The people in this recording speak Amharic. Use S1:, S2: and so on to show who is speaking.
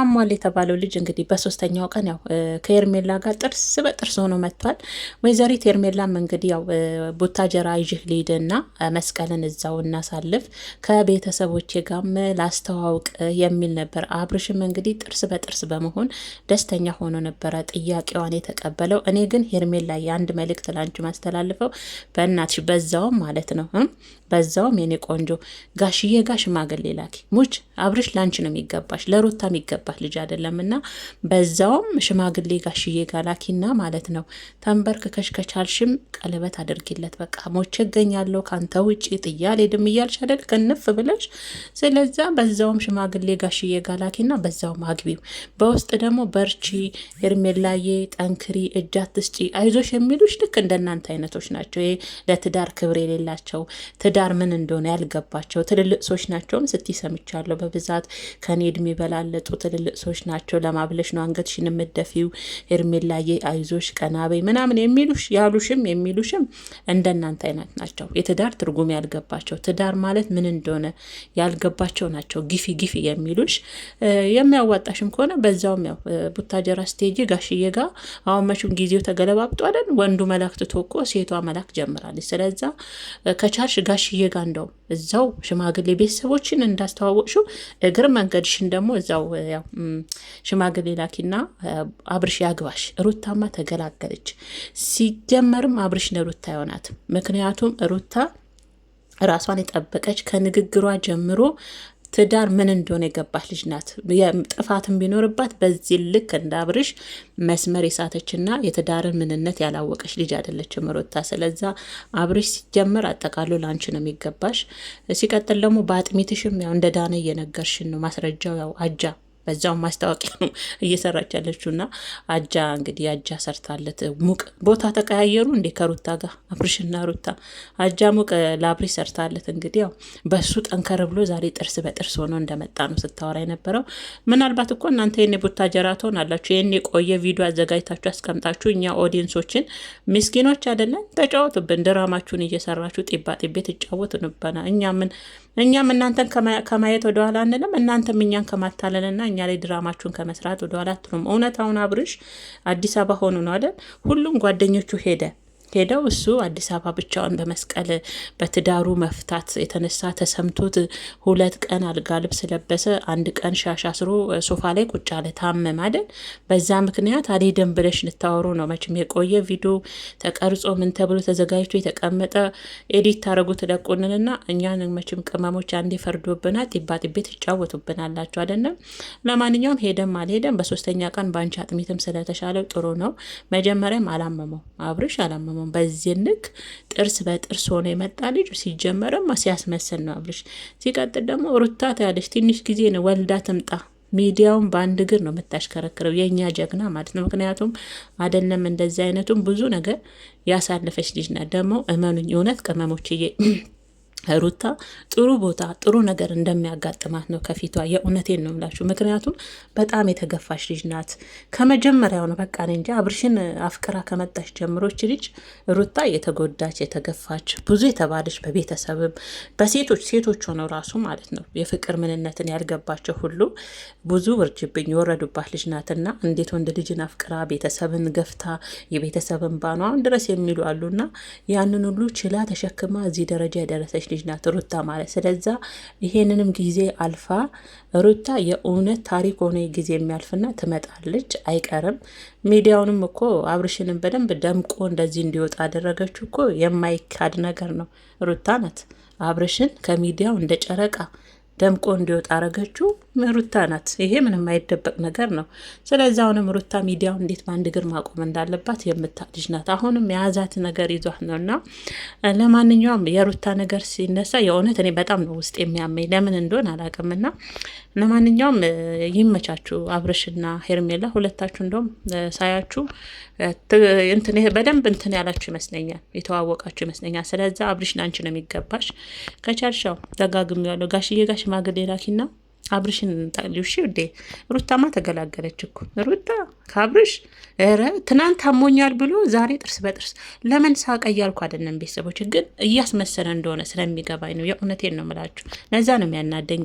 S1: አሟል የተባለው ልጅ እንግዲህ በሶስተኛው ቀን ያው ከኤርሜላ ጋር ጥርስ በጥርስ ሆኖ መጥቷል። ወይዘሪት ኤርሜላም እንግዲህ ያው ቡታጀራ ይዥህ ልሂድና መስቀልን እዛው እናሳልፍ ከቤተሰቦቼ ጋርም ላስተዋውቅ የሚል ነበር። አብርሽም እንግዲህ ጥርስ በጥርስ በመሆን ደስተኛ ሆኖ ነበረ ጥያቄዋን የተቀበለው። እኔ ግን ሄርሜላ የአንድ መልእክት ላንቺ ማስተላልፈው በእናትሽ በዛውም ማለት ነው በዛውም የኔ ቆንጆ ጋሽዬ ጋር ሽማግሌ ላኪ። ሙች አብርሽ ላንቺ ነው የሚገባሽ፣ ለሩታ የሚገባ የሚገባት ልጅ አይደለም እና በዛውም ሽማግሌ ጋሽዬ ጋር ላኪና ማለት ነው ተንበርክ ከሽከቻልሽም ቀለበት አድርጊለት። በቃ ሞቼ እገኛለሁ ከአንተ ውጭ ጥዬ አልሄድም እያልሽ አይደል ክንፍ ብለሽ። ስለዛ በዛውም ሽማግሌ ጋሽዬ ጋር ላኪና በዛውም አግቢው። በውስጥ ደግሞ በርቺ፣ ሄርሜላዬ ጠንክሪ፣ እጅ አትስጪ፣ አይዞሽ የሚሉሽ ልክ እንደናንተ አይነቶች ናቸው። ለትዳር ክብር የሌላቸው ትዳር ምን እንደሆነ ያልገባቸው ትልልቅ ሰዎች ናቸውም ስቲ ሰምቻለሁ በብዛት ከኔ እድሜ በላለጡ ትልልቅ ሰዎች ናቸው ለማብለሽ ነው አንገትሽን የምትደፊው ሄርሜላዬ፣ አይዞሽ ቀናበይ ምናምን የሚሉሽ ያሉሽም የሚሉሽም እንደናንተ አይነት ናቸው። የትዳር ትርጉም ያልገባቸው ትዳር ማለት ምን እንደሆነ ያልገባቸው ናቸው። ጊፊ ጊፊ የሚሉሽ የሚያዋጣሽም ከሆነ በዛውም ያው ቡታጀራ ስቴጂ ጋሽዬ ጋ አሁን መቼም ጊዜው ተገለባብጧለን። ወንዱ መላክ ትቶ እኮ ሴቷ መላክ ጀምራለች። ስለዛ ከቻርሽ ጋሽዬ ጋ እንደውም እዛው ሽማግሌ ቤተሰቦችን እንዳስተዋወቅሽው እግር መንገድሽን ደግሞ እዛው ሽማግሌ ላኪና አብርሽ ያግባሽ። ሩታማ ተገላገለች። ሲጀመርም አብርሽ ለሩታ ይሆናት። ምክንያቱም ሩታ ራሷን የጠበቀች ከንግግሯ ጀምሮ ትዳር ምን እንደሆነ የገባች ልጅ ናት። ጥፋትም ቢኖርባት በዚህ ልክ እንዳብርሽ መስመር የሳተችና የትዳርን ምንነት ያላወቀች ልጅ አይደለችም ሩታ። ስለዛ አብርሽ ሲጀመር አጠቃሎ ላንቺ ነው የሚገባሽ። ሲቀጥል ደግሞ በአጥሚትሽም ያው እንደ ዳነ እየነገርሽን ነው። ማስረጃው ያው አጃ በዛው ማስታወቂያ ነው እየሰራች ያለችው እና አጃ እንግዲህ አጃ ሰርታለት ሙቅ ቦታ ተቀያየሩ እንዴ ከሩታ ጋር አብርሽና ሩታ አጃ ሙቅ ለአብሪ ሰርታለት እንግዲህ ያው በሱ ጠንከር ብሎ ዛሬ ጥርስ በጥርስ ሆኖ እንደመጣ ነው ስታወራ የነበረው። ምናልባት እኮ እናንተ ይህን ቦታ ጀራቶን አላችሁ ይህን የቆየ ቪዲዮ አዘጋጅታችሁ አስቀምጣችሁ እኛ ኦዲየንሶችን ምስኪኖች አይደለን ተጫወቱብን፣ ድራማችሁን እየሰራችሁ ጢባ ጢቤ ትጫወቱንበና እኛ ምን እኛም እናንተን ከማየት ወደኋላ አንልም። እናንተም እኛን ከማታለልና እኛ ላይ ድራማችሁን ከመስራት ወደኋላ አትሉም። እውነት አሁን አብርሽ አዲስ አበባ ሆኑ ነው አይደል? ሁሉም ጓደኞቹ ሄደ ሄደው እሱ አዲስ አበባ ብቻውን በመስቀል በትዳሩ መፍታት የተነሳ ተሰምቶት ሁለት ቀን አልጋ ልብስ ለበሰ። አንድ ቀን ሻሽ አስሮ ሶፋ ላይ ቁጭ አለ። ታመም አይደል? በዛ ምክንያት አልሄድም ብለሽ ልታወሩ ነው። መቼም የቆየ ቪዲዮ ተቀርጾ ምን ተብሎ ተዘጋጅቶ የተቀመጠ ኤዲት ታደረጉ ትለቁንንና እኛን መቼም ቅመሞች አንዴ ፈርዶብና ጢባ ጢቤ ትጫወቱብናላችሁ አይደለም። ለማንኛውም ሄደም አልሄደም በሶስተኛ ቀን በአንቺ አጥሚትም ስለተሻለው ጥሩ ነው። መጀመሪያም አላመመው አብርሽ አላመመው ደግሞ በዚህ ንክ ጥርስ በጥርስ ሆነ የመጣ ልጅ ሲጀመርም ሲያስመስል ነው አብርሽ። ሲቀጥል ደግሞ ሩታ ታያለች ትንሽ ጊዜ ነው ወልዳ ትምጣ ሚዲያውን በአንድ እግር ነው የምታሽከረክረው፣ የእኛ ጀግና ማለት ነው። ምክንያቱም አይደለም እንደዚህ አይነቱም ብዙ ነገር ያሳለፈች ልጅ ናት። ደግሞ እመኑኝ እውነት ቅመሞችዬ ሩታ ጥሩ ቦታ ጥሩ ነገር እንደሚያጋጥማት ነው ከፊቷ። የእውነቴን ነው ምላችሁ። ምክንያቱም በጣም የተገፋሽ ልጅ ናት ከመጀመሪያው ነው። በቃ እኔ እንጃ አብርሽን አፍቅራ ከመጣች ጀምሮች ልጅ ሩታ የተጎዳች የተገፋች፣ ብዙ የተባለች በቤተሰብም በሴቶች ሴቶች ሆነው ራሱ ማለት ነው የፍቅር ምንነትን ያልገባቸው ሁሉ ብዙ ውርጅብኝ የወረዱባት ልጅ ናትና እንዴት ወንድ ልጅን አፍቅራ ቤተሰብን ገፍታ የቤተሰብን ባኗን ድረስ የሚሉ አሉና ያንን ሁሉ ችላ ተሸክማ እዚህ ደረጃ የደረሰች ልጅ ናት ሩታ ማለት። ስለዛ ይሄንንም ጊዜ አልፋ ሩታ የእውነት ታሪክ ሆኖ ጊዜ የሚያልፍና ትመጣለች፣ አይቀርም። ሚዲያውንም እኮ አብርሽንም በደንብ ደምቆ እንደዚህ እንዲወጣ አደረገችው እኮ የማይካድ ነገር ነው። ሩታ ናት አብርሽን ከሚዲያው እንደ ጨረቃ ደምቆ እንዲወጣ አረገችው። ሩታ ናት። ይሄ ምንም አይደበቅ ነገር ነው። ስለዚህ አሁንም ሩታ ሚዲያው እንዴት በአንድ እግር ማቆም እንዳለባት የምታቅ ልጅ ናት። አሁንም የያዛት ነገር ይዟት ነው እና ለማንኛውም የሩታ ነገር ሲነሳ የእውነት እኔ በጣም ነው ውስጥ የሚያመኝ ለምን እንደሆን አላውቅም። እና ለማንኛውም ይመቻችሁ አብርሽና ሄርሜላ ሁለታችሁ። እንደውም ሳያችሁ በደንብ እንትን ያላችሁ ይመስለኛል፣ የተዋወቃችሁ ይመስለኛል። ስለዚ አብርሽ ለአንቺ ነው የሚገባሽ። ከቻልሻው ደጋግሚ ያለው ጋሽዬ ጋር ሽማግሌ ላኪና አብርሽን እንጣለው። እሺ ውዴ፣ ሩታማ ተገላገለች እኮ ሩታ ከአብርሽ ረ ትናንት አሞኛል ብሎ ዛሬ ጥርስ በጥርስ ለምን ሳቀ እያልኩ አይደለም ቤተሰቦች፣ ግን እያስመሰለ እንደሆነ ስለሚገባኝ ነው። የእውነቴን ነው የምላችሁ። ለዛ ነው የሚያናደኝ።